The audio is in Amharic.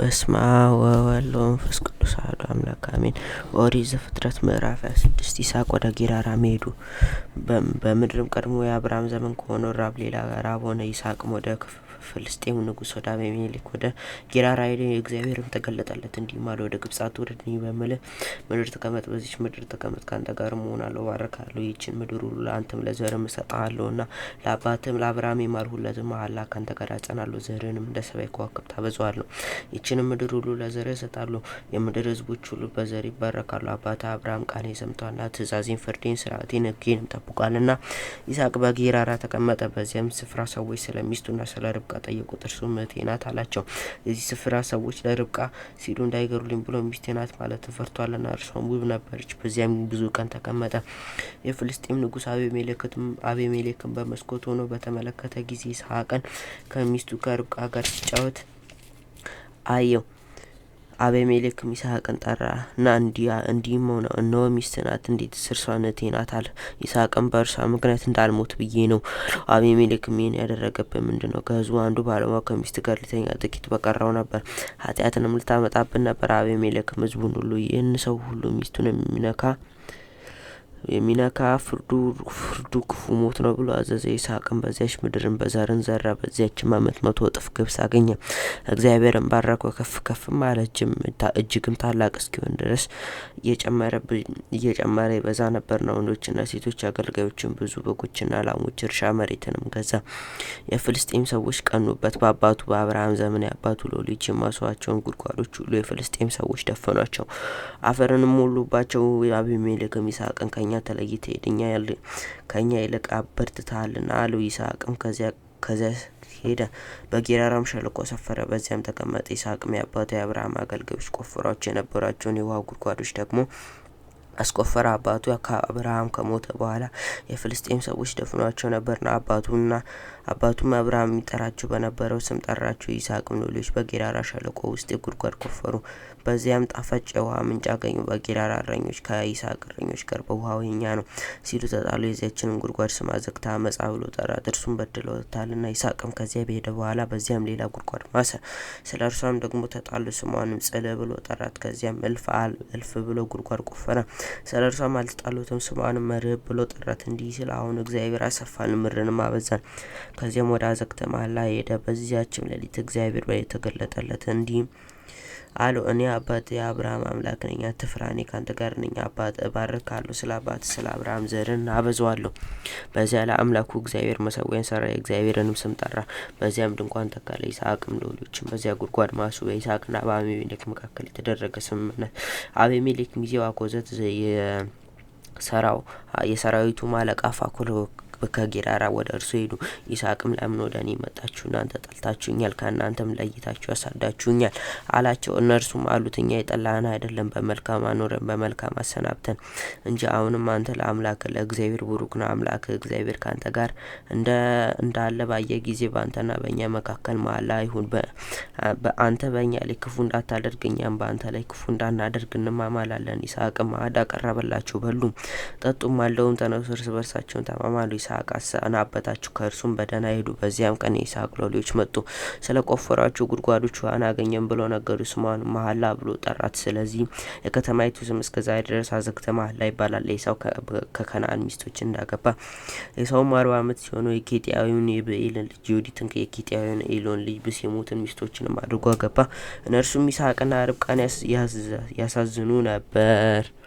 በስመ አብ ወወልድ ወመንፈስ ቅዱስ አሐዱ አምላክ አሜን። ኦሪት ዘፍጥረት ምዕራፍ ሃያ ይስሐቅ ወደ ጌራራ ሄዱ። በምድርም ቀድሞ የአብርሃም ዘመን ከሆነው ራብ ሌላ ራብ ሆነ። ይስሐቅም ወደ ፍልስጤም ንጉስ ወደ አቤሜሌክ ወደ ጌራራ ሄደ። እግዚአብሔርም ተገለጠለት እንዲህም አለ፣ ወደ ግብጽ አትውረድ፣ እኔ በምልህ ምድር ተቀመጥ። በዚች ምድር ተቀመጥ፣ ከአንተ ጋር እሆናለሁ፣ ባረካለሁ፣ ይህችን ምድር ሁሉ ለአንተም ለዘርም ለዘርህም እሰጥሃለሁና ለአባትም ለአብርሃም የማልሁለት መሀላ ከአንተ ጋር አጸናለሁ፣ ዘርህንም እንደ ሰማይ ከዋክብ አበዛዋለሁ። ይህችንም ምድር ሁሉ ለዘርህ እሰጣለሁ፣ የምድር ህዝቦች ሁሉ በዘር ይባረካሉ። አባትህ አብርሃም ቃኔ ሰምቷልና፣ ትእዛዜን፣ ፍርዴን፣ ስርዓቴን፣ ሕጌንም ጠብቋልና። ይስሐቅ በጌራራ ተቀመጠ። በዚያም ስፍራ ሰዎች ስለሚስቱና ስለ ርብ ርብቃ ጠየቁት። እርሱም እህቴ ናት አላቸው። የዚህ ስፍራ ሰዎች ለርብቃ ሲሉ እንዳይገሩልኝ ብሎ ሚስቴ ናት ማለት ፈርቷልና፣ እርሷም ውብ ነበረች። በዚያም ብዙ ቀን ተቀመጠ። የፍልስጤም ንጉስ አቤሜሌክም በመስኮት ሆኖ በተመለከተ ጊዜ ይስሐቅን ከሚስቱ ከርብቃ ጋር ሲጫወት አየው። አቤሜሌክ ይስሐቅን ጠራ ና እንዲያ እንዲህም ሆነ፣ እነሆ ሚስትህ ናት፣ እንዴት እርሷ እህቴ ናት አለ። ይስሐቅም በእርሷ ምክንያት እንዳልሞት ብዬ ነው። አቤሜሌክ ይህን ያደረገብህ ምንድን ነው? ከህዝቡ አንዱ ባለሟ ከሚስት ጋር ሊተኛ ጥቂት በቀረው ነበር፣ ኃጢአትንም ልታመጣብን ነበር። አቤሜሌክም ህዝቡን ሁሉ ይህን ሰው ሁሉ ሚስቱን የሚነካ የሚነካ ፍርዱ ፍርዱ ክፉ ሞት ነው ብሎ አዘዘ። ይስሐቅም በዚያች ምድርን በዘርን ዘራ። በዚያችም ዓመት መቶ እጥፍ ግብስ አገኘ። እግዚአብሔርን ባረከው፣ ከፍ ከፍም አለ። እጅግም ታላቅ እስኪሆን ድረስ እየጨመረ ይበዛ ነበር። ነው ወንዶችና ሴቶች አገልጋዮችን፣ ብዙ በጎችና ላሞች፣ እርሻ መሬትንም ገዛ። የፍልስጤም ሰዎች ቀኑበት። በአባቱ በአብርሃም ዘመን የአባቱ ሎሊጅ የማስዋቸውን ጉድጓዶች ሁሉ የፍልስጤም ሰዎች ደፈኗቸው፣ አፈርንም ሞሉባቸው። አቢሜሌክም ይስሐቅን ከኛ ከእኛ ድኛ ከእኛ ከእኛ ይልቅ አበርትተሃልና አለው። ይስሐቅም ከዚያ ከዚያ ሄደ፣ በጌራራም ሸለቆ ሰፈረ፣ በዚያም ተቀመጠ። ይስሐቅም የአባቱ የአብርሃም አገልጋዮች ቆፍሯቸው የነበሯቸውን የውሃ ጉድጓዶች ደግሞ አስቆፈረ። አባቱ አብርሃም ከሞተ በኋላ የፍልስጤም ሰዎች ደፍኗቸው ነበርና አባቱና አባቱም አብርሃም የሚጠራቸው በነበረው ስም ጠራቸው። ይስሐቅም ሌሎች በጌራራ ሸለቆ ውስጥ የጉድጓድ ቆፈሩ፣ በዚያም ጣፋጭ የውሃ ምንጭ አገኙ። በጌራራ እረኞች ከይስሐቅ እረኞች ጋር በውሃው የኛ ነው ሲሉ ተጣሉ። የዚያችንን ጉድጓድ ስም አዘግታ አመፃ ብሎ ጠራት፣ እርሱም በድለውታልና። ይስሐቅም ከዚያ በሄደ በኋላ በዚያም ሌላ ጉድጓድ ማሰ፣ ስለ እርሷም ደግሞ ተጣሉ። ስሟንም ጽል ብሎ ጠራት። ከዚያም እልፍ አል እልፍ ብሎ ጉድጓድ ቆፈረ፣ ስለ እርሷም አልተጣሉትም። ስሟንም መርህብ ብሎ ጠራት፣ እንዲህ ሲል አሁን እግዚአብሔር አሰፋን፣ ምድርንም አበዛን። ከዚያም ወደ አዘግተ መሐላ ሄደ። በዚያችም ሌሊት እግዚአብሔር በሌሊት ተገለጠለት እንዲህ አለው፣ እኔ አባት የአብርሃም አምላክ ነኝ፣ አትፍራ፣ እኔ ካንተ ጋር ነኝ። አባት እባርካለሁ፣ ስለ አባት ስለ አብርሃም ዘርን አበዛዋለሁ። በዚያ ላይ አምላኩ እግዚአብሔር መሰዊያን ሰራ፣ የእግዚአብሔርንም ስም ጠራ። በዚያም ድንኳን ተካ፣ ይስሐቅም ሎሌዎችን በዚያ ጉድጓድ ማሱ። በይስሐቅና በአቤሜሌክ መካከል የተደረገ ስምምነት። አቤሜሌክ ሚዜው አኮዘት የሰራው የሰራዊቱ አለቃ ፋኩር ከጌራራ ወደ እርሱ ሄዱ። ይስሐቅም ለምን ወደ እኔ መጣችሁ? እናንተ ጠልታችሁኛል፣ ከእናንተም ለይታችሁ ያሳዳችሁኛል አላቸው። እነርሱም አሉት እኛ የጠላህን አይደለም፣ በመልካም አኖረን፣ በመልካም አሰናብተን እንጂ አሁንም አንተ ለአምላክ ለእግዚአብሔር ቡሩክ ነው። አምላክ እግዚአብሔር ከአንተ ጋር እንዳለ ባየ ጊዜ በአንተና በእኛ መካከል መሐላ ይሁን። በአንተ በእኛ ላይ ክፉ እንዳታደርግ፣ እኛም በአንተ ላይ ክፉ እንዳናደርግ እንማማላለን። ይስሐቅም ማዕድ አቀረበላቸው፣ በሉም ጠጡም። አለውም ተነሱ፣ እርስ በርሳቸውን ተማማሉ። ይስሐቅ አሰናበታቸው፣ ከእርሱም በደህና ሄዱ። በዚያም ቀን የይስሐቅ ሎሌዎች መጡ፣ ስለ ቆፈሯቸው ጉድጓዶች ውሃን አገኘም ብሎ ነገሩ። ስሟን መሀላ ብሎ ጠራት። ስለዚህ የከተማይቱ ስም እስከዛ ድረስ አዘግተ መሀላ ይባላል። ኤሳው ከከነአን ሚስቶች እንዳገባ። ኤሳውም አርባ ዓመት ሲሆነው የኬጢያዊውን የብኤልን ልጅ ዮዲትን የኬጢያዊውን ኤሎን ልጅ ብሴሞትን ሚስቶችንም አድርጎ አገባ። እነርሱም ይስሐቅና ርብቃን ያሳዝኑ ነበር።